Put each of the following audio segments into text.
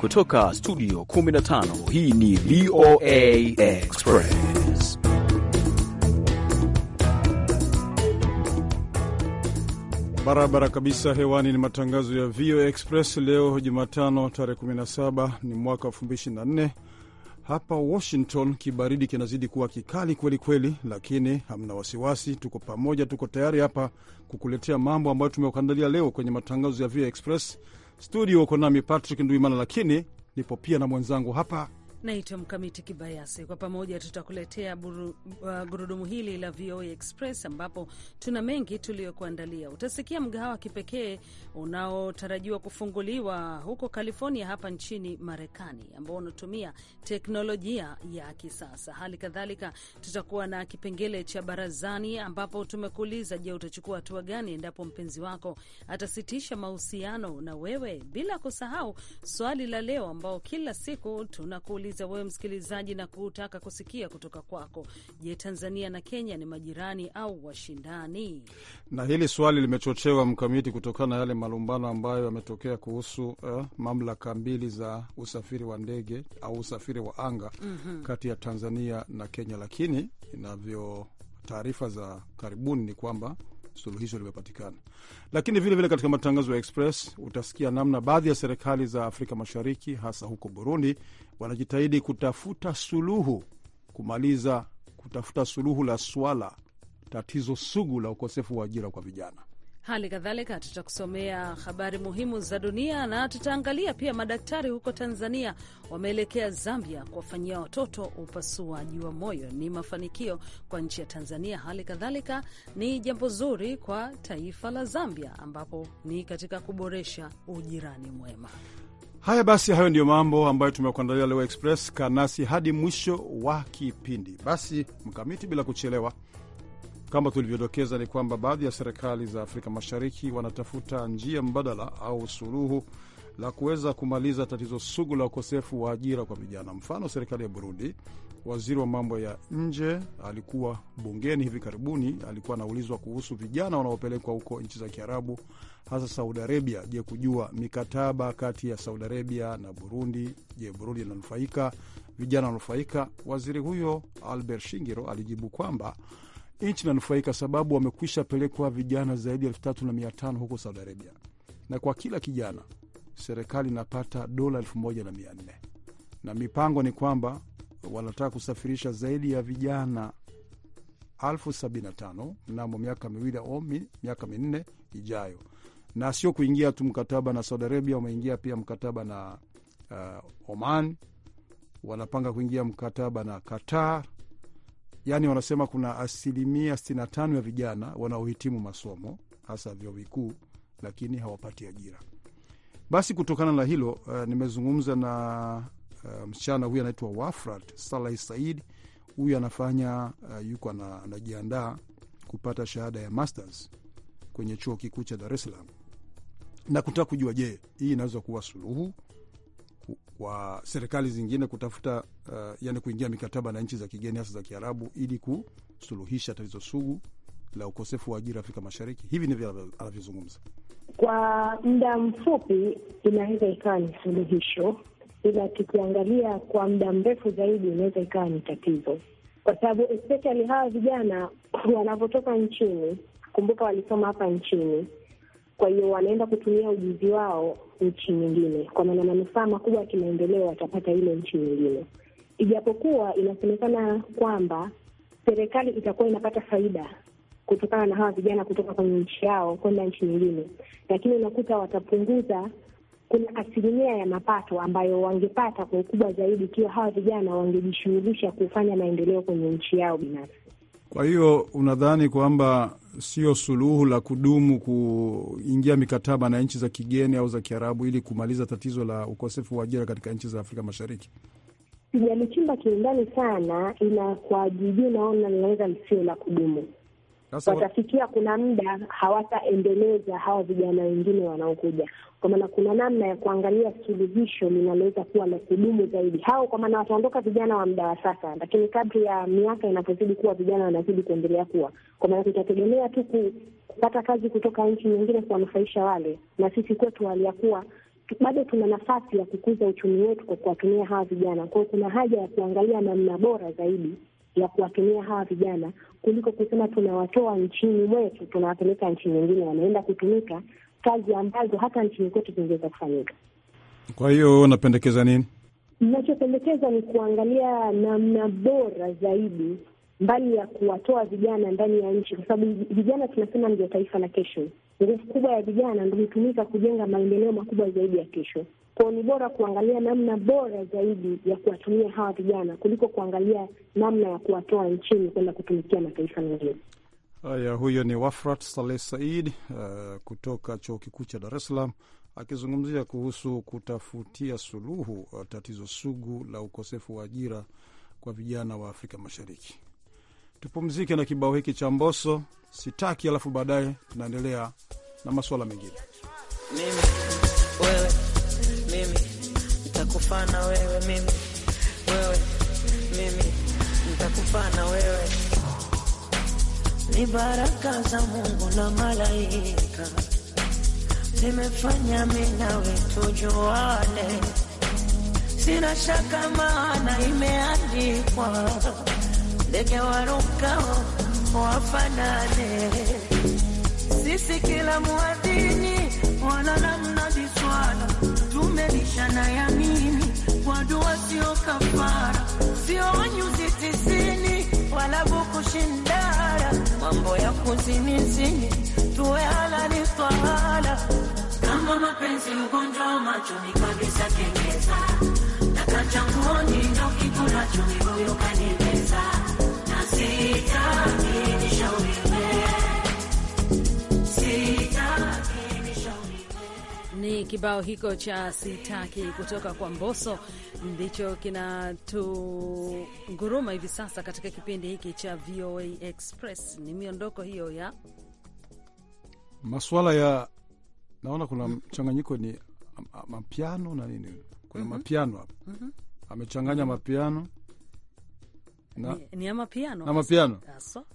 Kutoka studio 15 hii ni VOA Express. Barabara kabisa hewani ni matangazo ya VOA Express leo Jumatano tarehe 17 ni mwaka 2024. Hapa Washington kibaridi kinazidi kuwa kikali kweli kweli, lakini hamna wasiwasi, tuko pamoja, tuko tayari hapa kukuletea mambo ambayo tumekuandalia leo kwenye matangazo ya VOA Express studio uko nami Patrick nduimana lakini nipo pia na mwenzangu hapa Naitwa Mkamiti Kibayasi. Kwa pamoja tutakuletea buru, uh, gurudumu hili la VOA Express ambapo tuna mengi tuliyokuandalia. Utasikia mgahawa kipekee unaotarajiwa kufunguliwa huko California hapa nchini Marekani, ambao unatumia teknolojia ya kisasa. Hali kadhalika tutakuwa na kipengele cha barazani, ambapo tumekuuliza, je, utachukua hatua gani endapo mpenzi wako atasitisha mahusiano na wewe, bila kusahau swali la leo ambao kila siku tunakuuliza kukuuliza wewe msikilizaji na kutaka kusikia kutoka kwako. Je, Tanzania na Kenya ni majirani au washindani? Na hili swali limechochewa mkamiti kutokana na yale malumbano ambayo yametokea kuhusu eh, mamlaka mbili za usafiri wa ndege au usafiri wa anga mm -hmm. kati ya Tanzania na Kenya, lakini inavyo taarifa za karibuni ni kwamba suluhisho limepatikana. Lakini vilevile vile katika matangazo ya Express utasikia namna baadhi ya serikali za Afrika Mashariki, hasa huko Burundi, wanajitahidi kutafuta suluhu kumaliza kutafuta suluhu la swala tatizo sugu la ukosefu wa ajira kwa vijana. Hali kadhalika tutakusomea habari muhimu za dunia na tutaangalia pia madaktari huko Tanzania wameelekea Zambia kuwafanyia watoto upasuaji wa moyo. Ni mafanikio kwa nchi ya Tanzania, hali kadhalika ni jambo zuri kwa taifa la Zambia, ambapo ni katika kuboresha ujirani mwema. Haya basi, hayo ndiyo mambo ambayo tumekuandalia leo Express. Kanasi hadi mwisho wa kipindi. Basi mkamiti, bila kuchelewa kama tulivyodokeza, ni kwamba baadhi ya serikali za Afrika Mashariki wanatafuta njia mbadala au suluhu la kuweza kumaliza tatizo sugu la ukosefu wa ajira kwa vijana. Mfano, serikali ya Burundi, waziri wa mambo ya nje alikuwa bungeni hivi karibuni, alikuwa anaulizwa kuhusu vijana wanaopelekwa huko nchi za Kiarabu, hasa Saudi Arabia. Je, kujua mikataba kati ya Saudi Arabia na Burundi, je, Burundi inanufaika? Vijana wananufaika? Waziri huyo Albert Shingiro alijibu kwamba nchi inanufaika sababu wamekwisha pelekwa vijana zaidi ya elfu tatu na mia tano huko Saudi Arabia, na kwa kila kijana serikali inapata dola elfu moja na mia nne na mipango ni kwamba wanataka kusafirisha zaidi ya vijana elfu sabini na tano mnamo miaka miwili au miaka minne ijayo, na sio kuingia tu mkataba na Saudi Arabia, wameingia pia mkataba na uh, Oman, wanapanga kuingia mkataba na Qatar yani wanasema kuna asilimia 65 ya vijana wanaohitimu masomo hasa vyuo vikuu, lakini hawapati ajira. Basi kutokana na hilo uh, nimezungumza na uh, msichana huyu anaitwa Wafrat Salahi Said. Huyu anafanya uh, yuko anajiandaa kupata shahada ya masters kwenye chuo kikuu cha Dar es Salaam na kutaka kujua, je, hii inaweza kuwa suluhu wa serikali zingine kutafuta uh, yani kuingia mikataba na nchi za kigeni hasa za Kiarabu ili kusuluhisha tatizo sugu la ukosefu wa ajira Afrika Mashariki. Hivi ndivyo anavyozungumza. Kwa muda mfupi inaweza ikawa ni suluhisho, ila tukiangalia kwa muda mrefu zaidi inaweza ikawa ni tatizo, kwa sababu especially hawa vijana wanavyotoka nchini, kumbuka walisoma hapa nchini kwa hiyo wanaenda kutumia ujuzi wao nchi nyingine, kwa maana manufaa makubwa ya kimaendeleo watapata ile nchi nyingine, ijapokuwa inasemekana kwamba serikali itakuwa inapata faida kutokana na hawa vijana kutoka kwenye nchi yao kwenda nchi nyingine, lakini unakuta watapunguza kuna asilimia ya mapato ambayo wangepata kwa ukubwa zaidi ikiwa hawa vijana wangejishughulisha kufanya maendeleo kwenye nchi yao binafsi. Kwa hiyo unadhani kwamba sio suluhu la kudumu kuingia mikataba na nchi za kigeni au za Kiarabu ili kumaliza tatizo la ukosefu wa ajira katika nchi za Afrika Mashariki? Sijalichimba kiundani sana, ila kwa jijuu naona linaweza lisio la kudumu, watafikia kuna muda hawataendeleza hawa vijana wengine wanaokuja, kwa maana kuna namna ya kuangalia suluhisho linaloweza kuwa la kudumu zaidi hao, kwa maana wataondoka vijana wa muda wa sasa, lakini kadri ya miaka inavyozidi kuwa vijana wanazidi kuendelea kuwa, kwa maana tutategemea tu kupata kazi kutoka nchi nyingine kuwanufaisha wale, na sisi kwetu hali ya kuwa bado tuna nafasi ya kukuza uchumi wetu kwa kuwatumia hawa vijana. Kwa hiyo kuna haja ya kuangalia namna bora zaidi ya kuwatumia hawa vijana kuliko kusema tunawatoa nchini mwetu tunawapeleka nchi nyingine, wanaenda kutumika kazi ambazo hata nchini kwetu zingeweza kufanyika. Kwa hiyo unapendekeza nini? Nachopendekeza ni kuangalia namna bora zaidi, mbali ya kuwatoa vijana ndani ya nchi, kwa sababu vijana tunasema ndio taifa la kesho. Nguvu kubwa ya vijana ndio hutumika kujenga maendeleo makubwa zaidi ya kesho kwao, ni bora kuangalia namna bora zaidi ya kuwatumia hawa vijana kuliko kuangalia namna ya kuwatoa nchini kwenda kutumikia mataifa mengine. Haya, huyo ni Wafrat Saleh Said uh, kutoka chuo kikuu cha Dar es Salaam akizungumzia kuhusu kutafutia suluhu uh, tatizo sugu la ukosefu wa ajira kwa vijana wa Afrika Mashariki. Tupumzike na kibao hiki cha mboso sitaki, alafu baadaye tunaendelea na masuala mengine. Mimi, wewe mimi nitakufana wewe, mimi wewe, mimi nitakufana wewe. Ni baraka za Mungu na malaika zimefanya mimi wewe tujuane, sina shaka, maana imeandikwa ndege waruka wafanane. Sisi kila mwadini wana namna biswala yanayamini wadua sio kafara, sio nyuzi tisini wala bukushindara, mambo ya kuzinizini tuwe halali twala. Kama mapenzi ugonjwa wa macho ni kabisa kengeza, takachanguoni ndo kitu nacho miguyu kanimeza, na sitaki nishauri Ni kibao hiko cha sitaki kutoka kwa mboso ndicho kinatunguruma hivi sasa katika kipindi hiki cha VOA Express. Ni miondoko hiyo ya masuala ya, naona kuna mchanganyiko ni mapiano na nini, kuna mm -hmm. mapiano hapa mm -hmm. amechanganya mapiano na, ni, ni ya mapiano na mapiano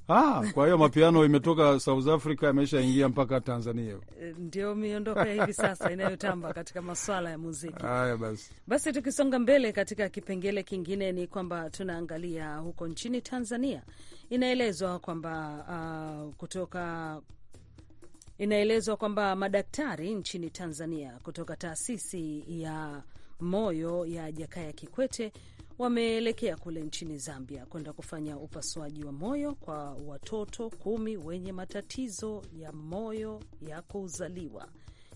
ah, kwa hiyo mapiano imetoka South Africa ingia mpaka Tanzania, eh, ndio miondoko ya hivi sasa inayotamba katika maswala ya muziki. Haya basi, basi tukisonga mbele katika kipengele kingine ni kwamba tunaangalia huko nchini Tanzania, inaelezwa kwamba uh, kutoka inaelezwa kwamba madaktari nchini Tanzania kutoka taasisi ya moyo ya Jakaya Kikwete wameelekea kule nchini Zambia kwenda kufanya upasuaji wa moyo kwa watoto kumi wenye matatizo ya moyo ya kuzaliwa.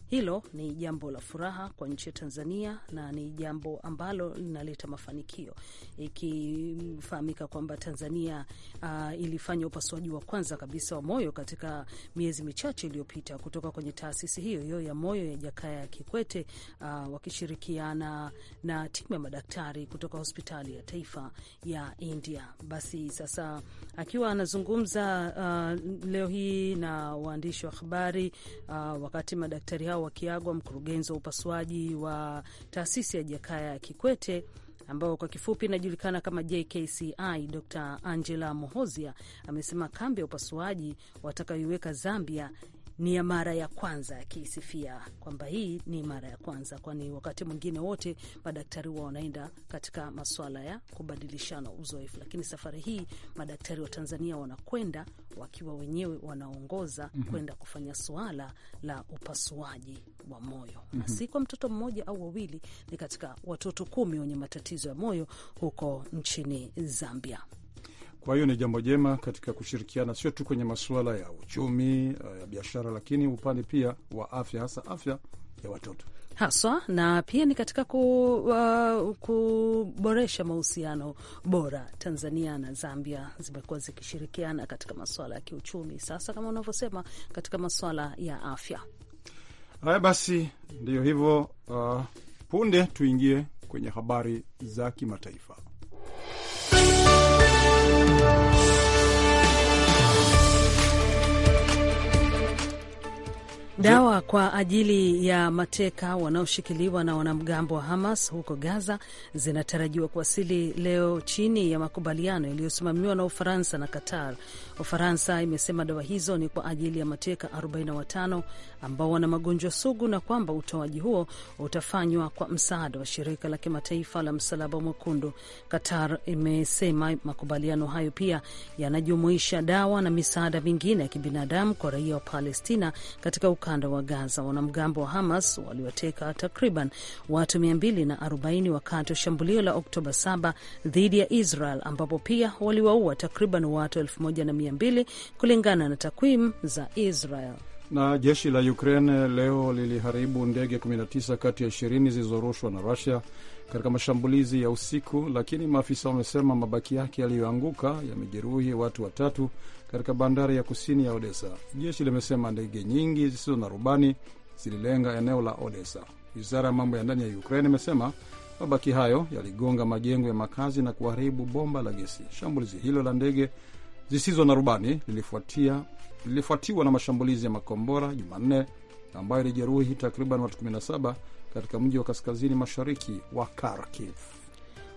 Hilo ni jambo la furaha kwa nchi ya Tanzania na ni jambo ambalo linaleta mafanikio, ikifahamika kwamba Tanzania uh, ilifanya upasuaji wa kwanza kabisa wa moyo katika miezi michache iliyopita kutoka kwenye taasisi hiyo hiyo ya moyo ya Jakaya Kikwete, uh, wakishirikiana na timu ya madaktari kutoka hospitali ya taifa ya India. Basi sasa akiwa anazungumza uh, leo hii na waandishi wa habari uh, wakati madaktari hao wa Wakiagwa, mkurugenzi wa upasuaji wa taasisi ya Jakaya Kikwete ambao kwa kifupi inajulikana kama JKCI, Dr Angela Mohozia amesema kambi ya upasuaji watakayoiweka Zambia ni ya mara ya kwanza, akisifia kwamba hii ni mara ya kwanza, kwani wakati mwingine wote madaktari huwa wanaenda katika maswala ya kubadilishana uzoefu, lakini safari hii madaktari wa Tanzania wanakwenda wakiwa wenyewe wanaongoza mm -hmm. kwenda kufanya suala la upasuaji wa moyo mm -hmm. na mhm. si kwa mtoto mmoja au wawili, ni katika watoto kumi wenye matatizo ya moyo huko nchini Zambia. Kwa hiyo ni jambo jema katika kushirikiana, sio tu kwenye masuala ya uchumi, eh, ya biashara, lakini upande pia wa afya, hasa afya ya watoto haswa na pia ni katika ku, uh, kuboresha mahusiano bora. Tanzania na Zambia zimekuwa zikishirikiana katika masuala ya kiuchumi, sasa kama unavyosema, katika masuala ya afya. Haya basi, ndiyo hivyo. Uh, punde tuingie kwenye habari za kimataifa. Dawa kwa ajili ya mateka wanaoshikiliwa na wanamgambo wa Hamas huko Gaza zinatarajiwa kuwasili leo chini ya makubaliano yaliyosimamiwa na Ufaransa na Qatar Ufaransa imesema dawa hizo ni kwa ajili ya mateka 45 ambao wana magonjwa sugu na kwamba utoaji huo utafanywa kwa msaada wa shirika la kimataifa la msalaba mwekundu. Qatar imesema makubaliano hayo pia yanajumuisha dawa na misaada mingine ya kibinadamu kwa raia wa Palestina katika ukanda wa Gaza. Wanamgambo wa Hamas waliwateka takriban watu 240 wakati wa shambulio la Oktoba 7 dhidi ya Israel, ambapo pia waliwaua takriban watu 1 mia mbili kulingana na takwimu za Israel. Na jeshi la Ukraine leo liliharibu ndege 19 kati ya 20 zilizorushwa na Rusia katika mashambulizi ya usiku, lakini maafisa wamesema mabaki yake yaliyoanguka yamejeruhi watu watatu katika bandari ya kusini ya Odessa. Jeshi limesema ndege nyingi zisizo na rubani zililenga eneo la Odessa. Wizara ya mambo ya ndani ya Ukraine imesema mabaki hayo yaligonga majengo ya makazi na kuharibu bomba la gesi. Shambulizi hilo la ndege zisizo na rubani lilifuatia, lilifuatiwa na mashambulizi ya makombora Jumanne ambayo ilijeruhi takriban watu 17 katika mji wa kaskazini mashariki wa Kharkiv.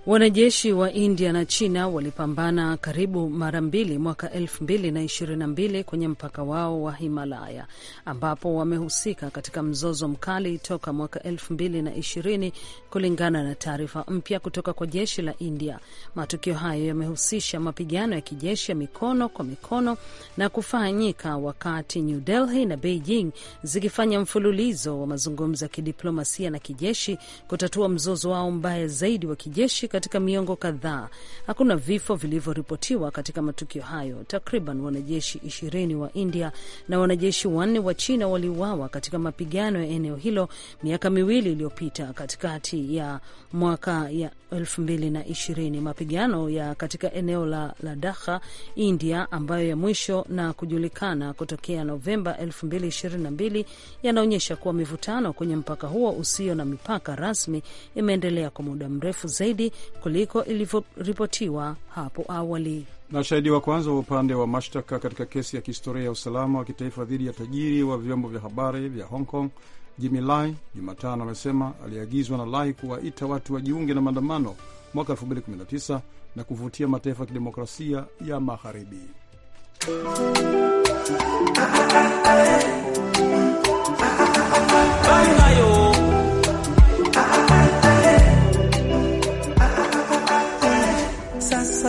Wanajeshi wa India na China walipambana karibu mara mbili mwaka 2022 kwenye mpaka wao wa Himalaya, ambapo wamehusika katika mzozo mkali toka mwaka 2020 kulingana na taarifa mpya kutoka kwa jeshi la India. Matukio hayo yamehusisha mapigano ya kijeshi ya mikono kwa mikono na kufanyika wakati New Delhi na Beijing zikifanya mfululizo wa mazungumzo ya kidiplomasia na kijeshi kutatua mzozo wao mbaya zaidi wa kijeshi katika miongo kadhaa. Hakuna vifo vilivyoripotiwa katika matukio hayo. Takriban wanajeshi ishirini wa India na wanajeshi wanne wa China waliuawa katika mapigano ya eneo hilo miaka miwili iliyopita katikati ya mwaka ya elfu mbili na ishirini. Mapigano ya katika eneo la Ladakha, India, ambayo ya mwisho na kujulikana kutokea Novemba 2022 yanaonyesha kuwa mivutano kwenye mpaka huo usio na mipaka rasmi imeendelea kwa muda mrefu zaidi kuliko ilivyoripotiwa hapo awali. Mashahidi wa kwanza wa upande wa mashtaka katika kesi ya kihistoria ya usalama wa kitaifa dhidi ya tajiri wa vyombo vya habari vya Hong Kong Jimmy Lai Jumatano amesema aliagizwa na Lai kuwaita watu wajiunge na maandamano mwaka 2019 na kuvutia mataifa ya kidemokrasia ya magharibi.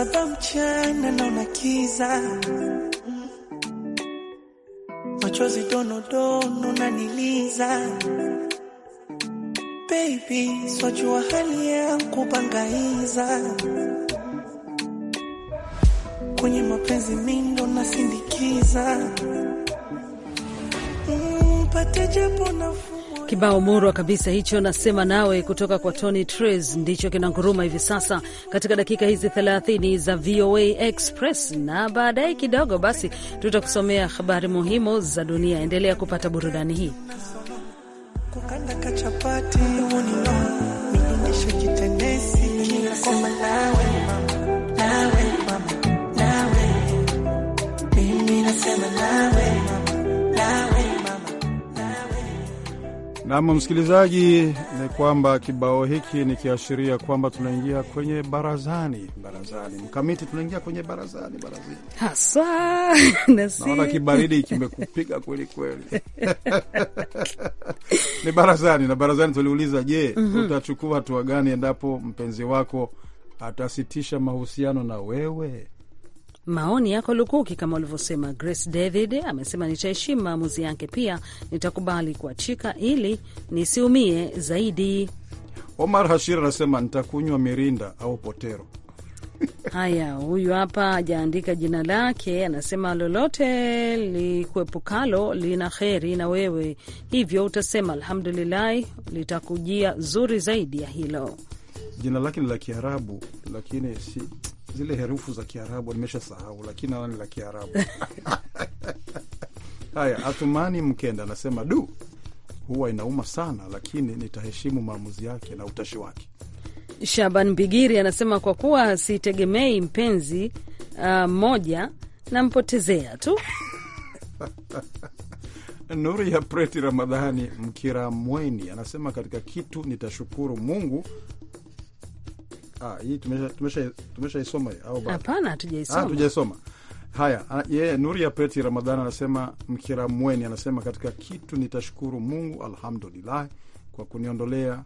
Baba, mchana naona kiza, machozi donodono naniliza. Baby, swajua hali ya kubangaiza, kwenye mapenzi mindo nasindikiza, mpate mm, japo nafuu Kibao murwa kabisa hicho, nasema nawe, kutoka kwa Tony Tres, ndicho kinanguruma hivi sasa katika dakika hizi 30 za VOA Express, na baadaye kidogo basi tutakusomea habari muhimu za dunia. Endelea kupata burudani hii. Nam msikilizaji, ni kwamba kibao hiki ni kiashiria kwamba tunaingia kwenye barazani. Barazani mkamiti, tunaingia kwenye barazani, barazani hasa. Naona kibaridi kimekupiga kweli kweli. Ni barazani, na barazani tuliuliza, je, mm -hmm. utachukua hatua gani endapo mpenzi wako atasitisha mahusiano na wewe? Maoni yako lukuki kama ulivyosema. Grace David amesema nitaheshimu maamuzi yake, pia nitakubali kuachika ili nisiumie zaidi. Omar Hashir anasema nitakunywa mirinda au potero. Haya, huyu hapa hajaandika jina lake, anasema lolote likuepukalo lina kheri na wewe, hivyo utasema alhamdulilahi, litakujia zuri zaidi ya hilo. Jina lake ni la Kiarabu lakini si zile herufu za Kiarabu sahau lakini naona ni la Kiarabu. Haya, Athumani Mkenda anasema du, huwa inauma sana, lakini nitaheshimu maamuzi yake na utashi wake. Shaban Bigiri anasema kwa kuwa sitegemei mpenzi uh, mmoja, uh, nampotezea tu Nuri ya Preti Ramadhani Mkiramweni anasema katika kitu nitashukuru Mungu Ah, hii tumeshaisoma tumesha, tumesha au Hatujaisoma, ah, hatujaisoma. Haya, ah, yeye Nuri ya Peti Ramadhan anasema Mkiramweni anasema katika kitu nitashukuru Mungu alhamdulillah kwa kuniondolea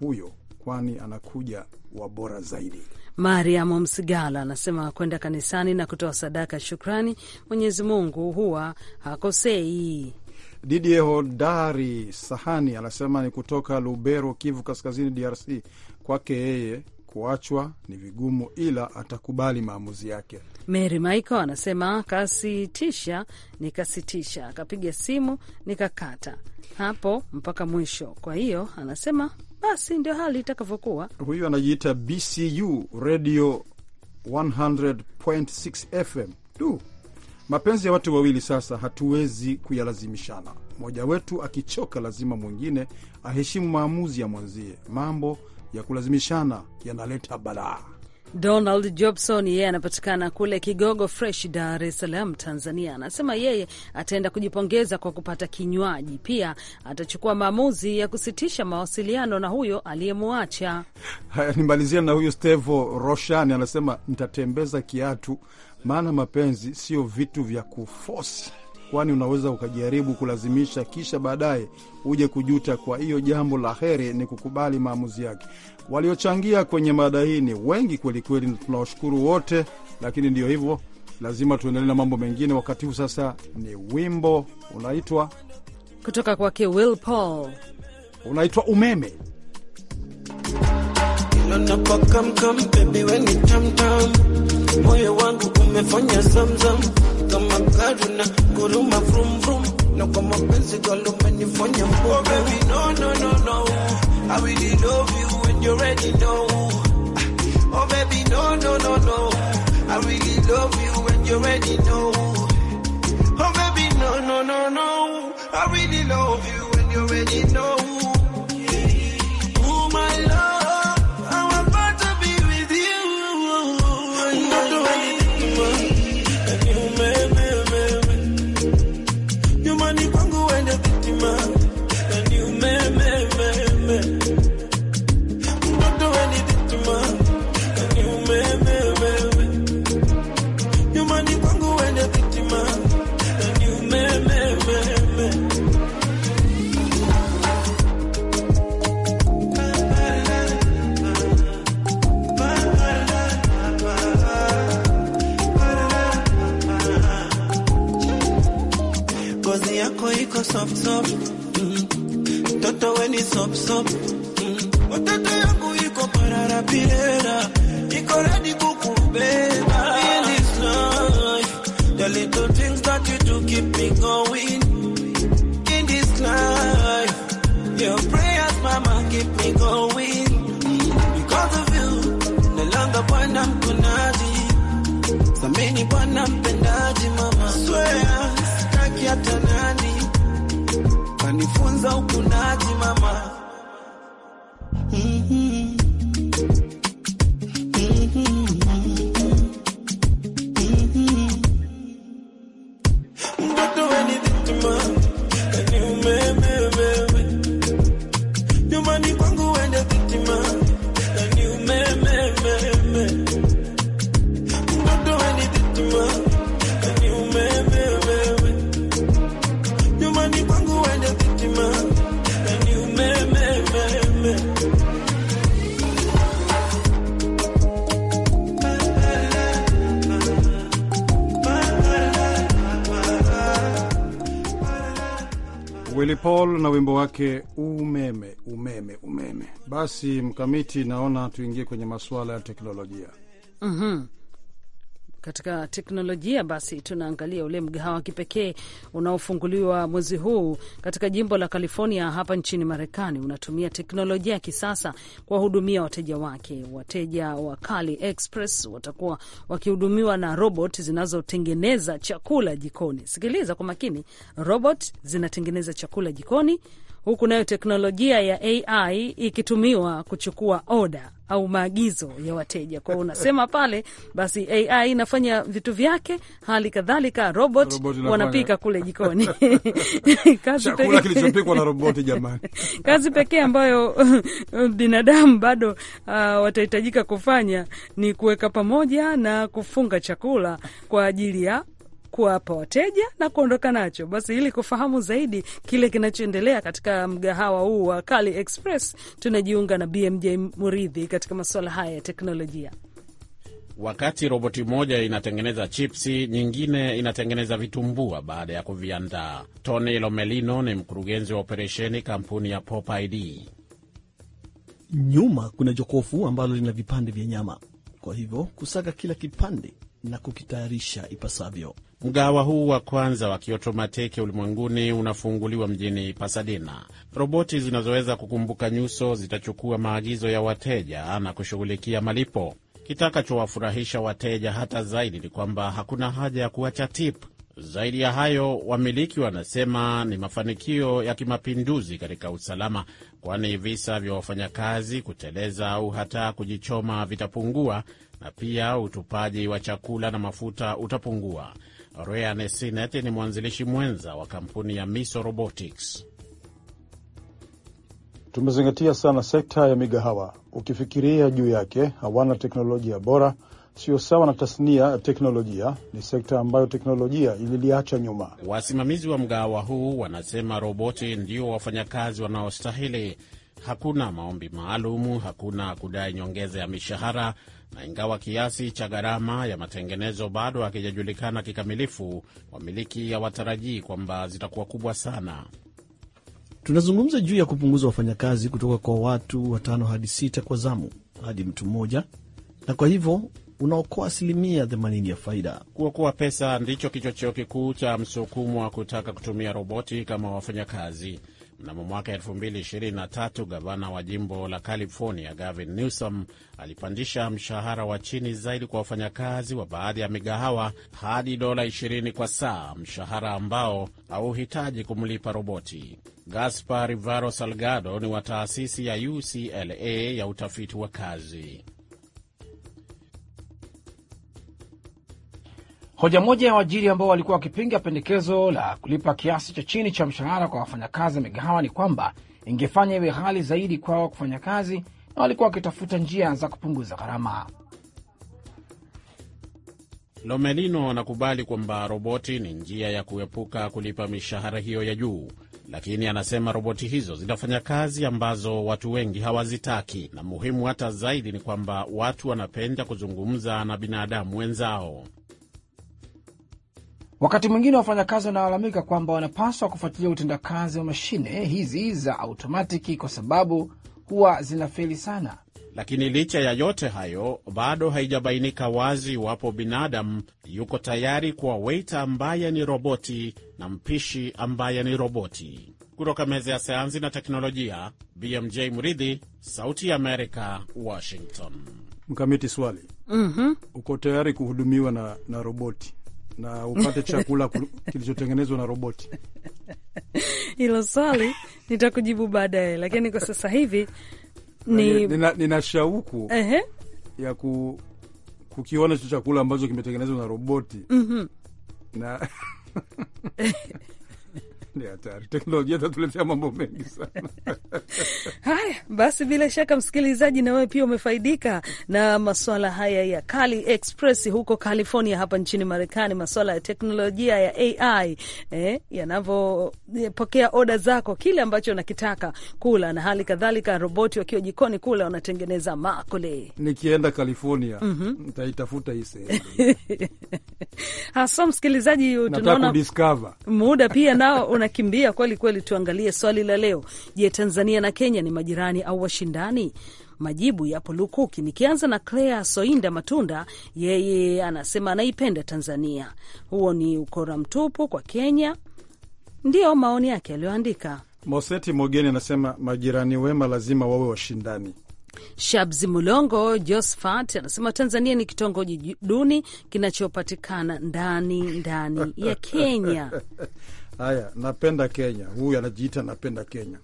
huyo, kwani anakuja wa bora zaidi. Mariamu Msigala anasema kwenda kanisani na kutoa sadaka shukrani, Mwenyezi Mungu huwa hakosei. Didie Hodari Sahani anasema ni kutoka Lubero, Kivu Kaskazini, DRC, kwake yeye kuachwa ni vigumu, ila atakubali maamuzi yake. Mary Michael anasema kasitisha, nikasitisha, akapiga simu nikakata hapo mpaka mwisho. Kwa hiyo anasema basi ndio hali itakavyokuwa. Huyu anajiita BCU Radio 100.6 FM. tu. mapenzi ya watu wawili sasa hatuwezi kuyalazimishana. Mmoja wetu akichoka, lazima mwingine aheshimu maamuzi ya mwenzie. Mambo ya kulazimishana yanaleta balaa. Donald Jobson yeye anapatikana kule Kigogo Fresh, Dar es Salaam, Tanzania. Anasema yeye ataenda kujipongeza kwa kupata kinywaji, pia atachukua maamuzi ya kusitisha mawasiliano na huyo aliyemwacha. Haya, nimalizia na huyu Stevo Roshani, anasema ntatembeza kiatu, maana mapenzi sio vitu vya kufosi kwani unaweza ukajaribu kulazimisha, kisha baadaye uje kujuta. Kwa hiyo jambo la heri ni kukubali maamuzi yake. Waliochangia kwenye mada hii ni wengi kwelikweli, tunawashukuru wote, lakini ndio hivyo, lazima tuendelee na mambo mengine. Wakati huu sasa ni wimbo unaitwa kutoka kwake Will Paul unaitwa Umeme. moyo wangu umefanya zamzam kama kuruma vrum vrum, na kwa mapenzi Oh baby no no no no, I really love you and you already know. Ah, oh baby no no no no, I really love you when you already know. stop. Watoto yangu iko parara pilera, iko ready kukubeba. In this life, the little things that you do keep me going. In this life, your prayers mama keep me going. Because of you, na langa Bwana mtunaji. Sameni Bwana mpendaji mama. Swear, sitaki hata nani. Kanifunza ukunaji mama. Willy Paul na wimbo wake umeme umeme umeme. Basi mkamiti, naona tuingie kwenye masuala ya teknolojia. mm -hmm. Katika teknolojia basi, tunaangalia ule mgahawa wa kipekee unaofunguliwa mwezi huu katika jimbo la California hapa nchini Marekani. Unatumia teknolojia ya kisasa kuwahudumia wateja wake. Wateja wa Kali Express watakuwa wakihudumiwa na robot zinazotengeneza chakula jikoni. Sikiliza kwa makini, robot zinatengeneza chakula jikoni huku nayo teknolojia ya AI ikitumiwa kuchukua oda au maagizo ya wateja. Kwa hiyo unasema pale, basi AI inafanya vitu vyake, hali kadhalika robot, robot wanapika kule jikoni kazi chakula kilichopikwa na roboti jamani. Kazi pekee ambayo binadamu bado uh, watahitajika kufanya ni kuweka pamoja na kufunga chakula kwa ajili ya kuwapa wateja na kuondoka nacho. Basi ili kufahamu zaidi kile kinachoendelea katika mgahawa huu wa Kali Express, tunajiunga na BMJ Muridhi katika masuala haya ya teknolojia. Wakati roboti moja inatengeneza chipsi, nyingine inatengeneza vitumbua baada ya kuviandaa. Tony Lomelino ni mkurugenzi wa operesheni kampuni ya PopID. Nyuma kuna jokofu ambalo lina vipande vya nyama, kwa hivyo kusaga kila kipande na kukitayarisha ipasavyo. Mgawa huu wa kwanza wa kiotomatiki ulimwenguni unafunguliwa mjini Pasadena. Roboti zinazoweza kukumbuka nyuso zitachukua maagizo ya wateja na kushughulikia malipo. Kitakachowafurahisha wateja hata zaidi ni kwamba hakuna haja ya kuacha tip. Zaidi ya hayo, wamiliki wanasema ni mafanikio ya kimapinduzi katika usalama, kwani visa vya wafanyakazi kuteleza au hata kujichoma vitapungua, na pia utupaji wa chakula na mafuta utapungua. Ryan Sinet ni mwanzilishi mwenza wa kampuni ya Miso Robotics. Tumezingatia sana sekta ya migahawa. Ukifikiria juu yake, hawana teknolojia bora, sio sawa na tasnia ya teknolojia. Ni sekta ambayo teknolojia ililiacha nyuma. Wasimamizi wa mgahawa huu wanasema roboti ndio wafanyakazi wanaostahili hakuna maombi maalumu, hakuna kudai nyongeza ya mishahara, na ingawa kiasi cha gharama ya matengenezo bado hakijajulikana kikamilifu, wamiliki hawatarajii kwamba zitakuwa kubwa sana. Tunazungumza juu ya kupunguza wafanyakazi kutoka kwa watu watano hadi sita kwa zamu hadi mtu mmoja, na kwa hivyo unaokoa asilimia 80 ya faida. Kuokoa pesa ndicho kichocheo kikuu cha msukumo wa kutaka kutumia roboti kama wafanyakazi. Mnamo mwaka 2023 gavana wa jimbo la California Gavin Newsom alipandisha mshahara wa chini zaidi kwa wafanyakazi wa baadhi ya migahawa hadi dola 20 kwa saa, mshahara ambao hauhitaji kumlipa roboti. Gaspar Rivaro Salgado ni wa taasisi ya UCLA ya utafiti wa kazi. Hoja moja ya waajiri ambao walikuwa wakipinga pendekezo la kulipa kiasi cha chini cha mshahara kwa wafanyakazi migahawa ni kwamba ingefanya iwe ghali zaidi kwao kufanya kazi, na walikuwa wakitafuta njia za kupunguza gharama. Lomelino anakubali kwamba roboti ni njia ya kuepuka kulipa mishahara hiyo ya juu, lakini anasema roboti hizo zinafanya kazi ambazo watu wengi hawazitaki, na muhimu hata zaidi ni kwamba watu wanapenda kuzungumza na binadamu wenzao. Wakati mwingine wafanyakazi wanalalamika kwamba wanapaswa kufuatilia utendakazi wa mashine hizi za automatiki kwa sababu huwa zinafeli sana. Lakini licha ya yote hayo, bado haijabainika wazi iwapo binadamu yuko tayari kuwa weita ambaye ni roboti na mpishi ambaye ni roboti. Kutoka meza ya sayansi na teknolojia, BMJ Mridhi, Sauti ya Amerika, Washington. Mkamiti swali, mm -hmm. Uko tayari kuhudumiwa na, na roboti? na upate chakula kilichotengenezwa na roboti. Hilo swali nitakujibu baadaye, lakini kwa sasa hivi ni... nina, nina shauku uh -huh. ya ku, kukiona hicho chakula ambacho kimetengenezwa na roboti mm -hmm. na ni hatari. Teknolojia itatuletea mambo mengi sana. Haya basi, bila shaka msikilizaji, na wewe pia umefaidika na maswala haya ya Kali Express huko California, hapa nchini Marekani, maswala ya teknolojia ya AI eh, yanavyopokea oda zako, kile ambacho unakitaka kula na hali kadhalika, roboti wakiwa jikoni kule wanatengeneza makule. Nikienda California mhm. nitaitafuta mm -hmm. hii sehemu hasa msikilizaji, tunaona muda pia nao una wanakimbia kweli kweli. Tuangalie swali la leo. Je, Tanzania na Kenya ni majirani au washindani? Majibu yapo lukuki. Nikianza na Clea Soinda Matunda, yeye anasema anaipenda Tanzania. Huo ni ukora mtupu kwa Kenya. Ndiyo maoni yake aliyoandika. Moseti Mogeni anasema majirani wema lazima wawe washindani. Shabzi Mulongo Josephat anasema Tanzania ni kitongoji duni kinachopatikana ndani ndani ya Kenya. Haya, napenda Kenya. Huyu anajiita napenda Kenya.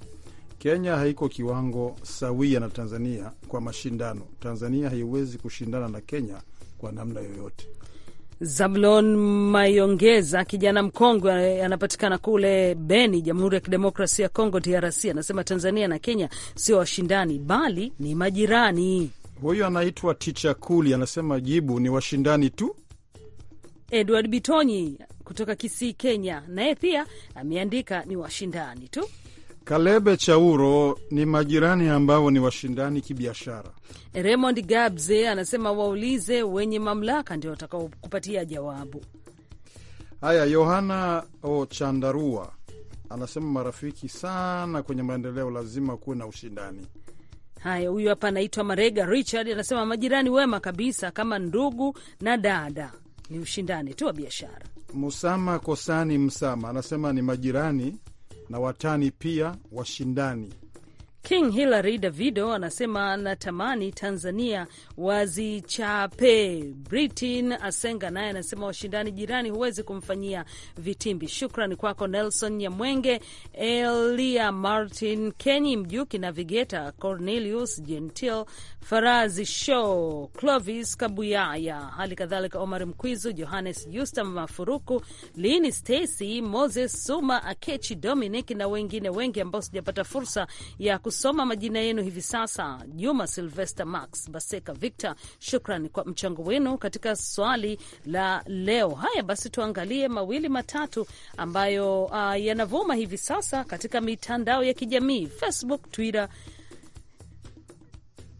Kenya haiko kiwango sawia na Tanzania kwa mashindano. Tanzania haiwezi kushindana na Kenya kwa namna yoyote. Zablon Mayongeza, kijana mkongwe, anapatikana kule Beni, Jamhuri ya Kidemokrasia ya Kongo, DRC, anasema Tanzania na Kenya sio washindani, bali ni majirani. Huyu anaitwa Ticha Kuli, anasema jibu ni washindani tu. Edward Bitonyi kutoka Kisii, Kenya, naye pia ameandika ni washindani tu. Kalebe Chauro ni majirani ambao ni washindani kibiashara. Raymond Gabze anasema waulize wenye mamlaka ndio watakaokupatia jawabu. Haya, Yohana Ochandarua anasema marafiki sana kwenye maendeleo, lazima kuwe na ushindani. Haya, huyu hapa anaitwa Marega Richard anasema majirani wema kabisa, kama ndugu na dada ni ushindani tu wa biashara. Musama Kosani Msama anasema ni majirani na watani pia washindani King Hilary Davido anasema anatamani Tanzania wazichape. Britin Asenga naye anasema washindani jirani huwezi kumfanyia vitimbi. shukran kwako Nelson Nyamwenge, Elia Martin, Kenyi Mjuki na Vigeta, Cornelius Gentil, Farazi Show, Clovis Kabuyaya, hali kadhalika Omar Mkwizu, Johannes Justa Mafuruku, Lini Stacy, Moses Suma, Akechi Dominic na wengine wengi ambao sijapata fursa ya kus kusoma majina yenu hivi sasa. Juma Silvester, Max Baseka, Victor, shukran kwa mchango wenu katika swali la leo. Haya basi, tuangalie mawili matatu ambayo uh, yanavuma hivi sasa katika mitandao ya kijamii Facebook, Twitter,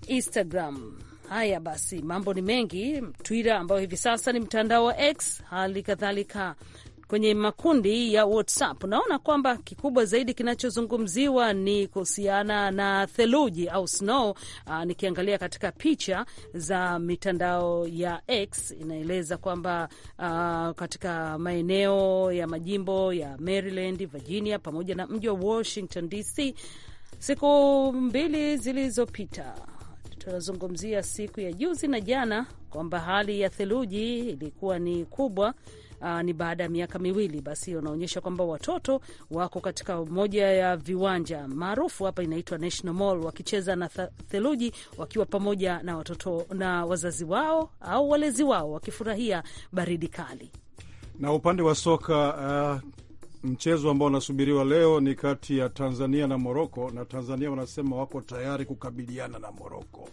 Instagram. Haya basi, mambo ni mengi. Twitter ambayo hivi sasa ni mtandao wa X, hali kadhalika kwenye makundi ya WhatsApp, naona kwamba kikubwa zaidi kinachozungumziwa ni kuhusiana na theluji au snow. Aa, ah, nikiangalia katika picha za mitandao ya X inaeleza kwamba uh, katika maeneo ya majimbo ya Maryland, Virginia pamoja na mji wa Washington DC siku mbili zilizopita tunazungumzia siku ya juzi na jana kwamba hali ya theluji ilikuwa ni kubwa uh, ni baada ya miaka miwili. Basi wanaonyesha kwamba watoto wako katika moja ya viwanja maarufu hapa inaitwa National Mall, wakicheza na theluji wakiwa pamoja na watoto na wazazi wao au walezi wao, wakifurahia baridi kali. Na upande wa soka uh... Mchezo ambao unasubiriwa leo ni kati ya Tanzania na Moroko, na Tanzania wanasema wako tayari kukabiliana na Moroko,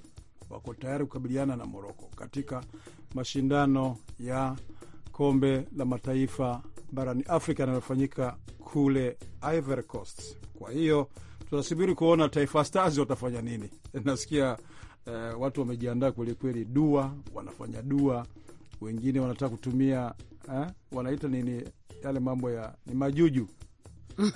wako tayari kukabiliana na Moroko katika mashindano ya kombe la mataifa barani Afrika yanayofanyika kule Ivory Coast. Kwa hiyo tunasubiri kuona Taifa Stars watafanya nini. Nasikia eh, watu wamejiandaa kwelikweli, dua wanafanya dua, wengine wanataka kutumia eh, wanaita nini yale mambo ya ni majuju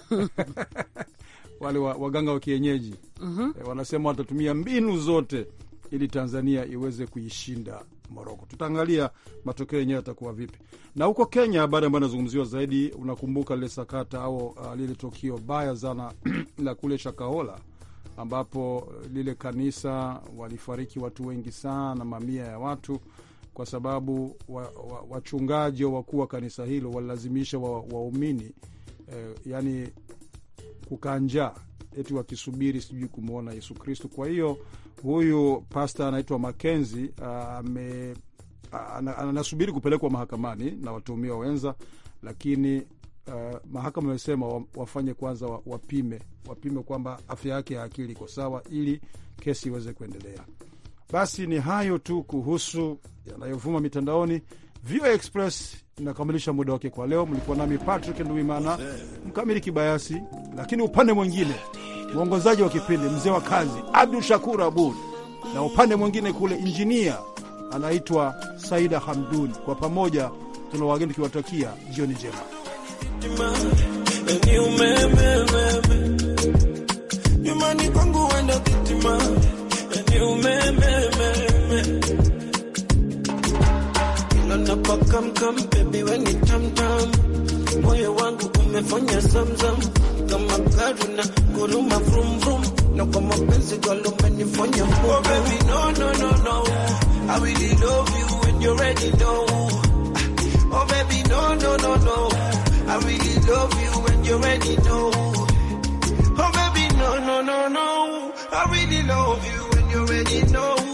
wale wa, waganga wa kienyeji mm -hmm. eh, wanasema watatumia mbinu zote ili Tanzania iweze kuishinda Moroko. Tutaangalia matokeo yenyewe yatakuwa vipi. Na huko Kenya, habari ambayo inazungumziwa zaidi, unakumbuka lile sakata au uh, lile tukio baya sana la kule Shakahola ambapo lile kanisa walifariki watu wengi sana, mamia ya watu, kwa sababu wachungaji wa, wa, wakuu wa kanisa hilo walilazimisha waumini wa eh, yani kukaa njaa eti wakisubiri sijui kumwona Yesu Kristu. Kwa hiyo huyu pasta anaitwa Makenzi ah, ame ah, anasubiri kupelekwa mahakamani na watuhumiwa wenza, lakini uh, mahakama imesema wafanye kwanza, wapime wapime kwamba afya yake ya akili iko sawa, ili kesi iweze kuendelea. Basi ni hayo tu kuhusu yanayovuma mitandaoni. VOA Express inakamilisha muda wake kwa leo. Mlikuwa nami Patrick Nduimana, mkamili kibayasi, lakini upande mwingine mwongozaji wa kipindi mzee wa kazi Abdu Shakur Abud, na upande mwingine kule injinia anaitwa Saida Hamduni. Kwa pamoja tuna wageni tukiwatakia jioni njema. come come baby we ni tam tam, moyo wangu umefanya zamzam kama gari na guruma vroom vroom, na kwa mapenzi galo umenifanya oh baby no no no no, I really love you when you already know. Ah. Oh baby no no no no, I really love you when you already know. Oh baby no no no no, I really love you when you already know.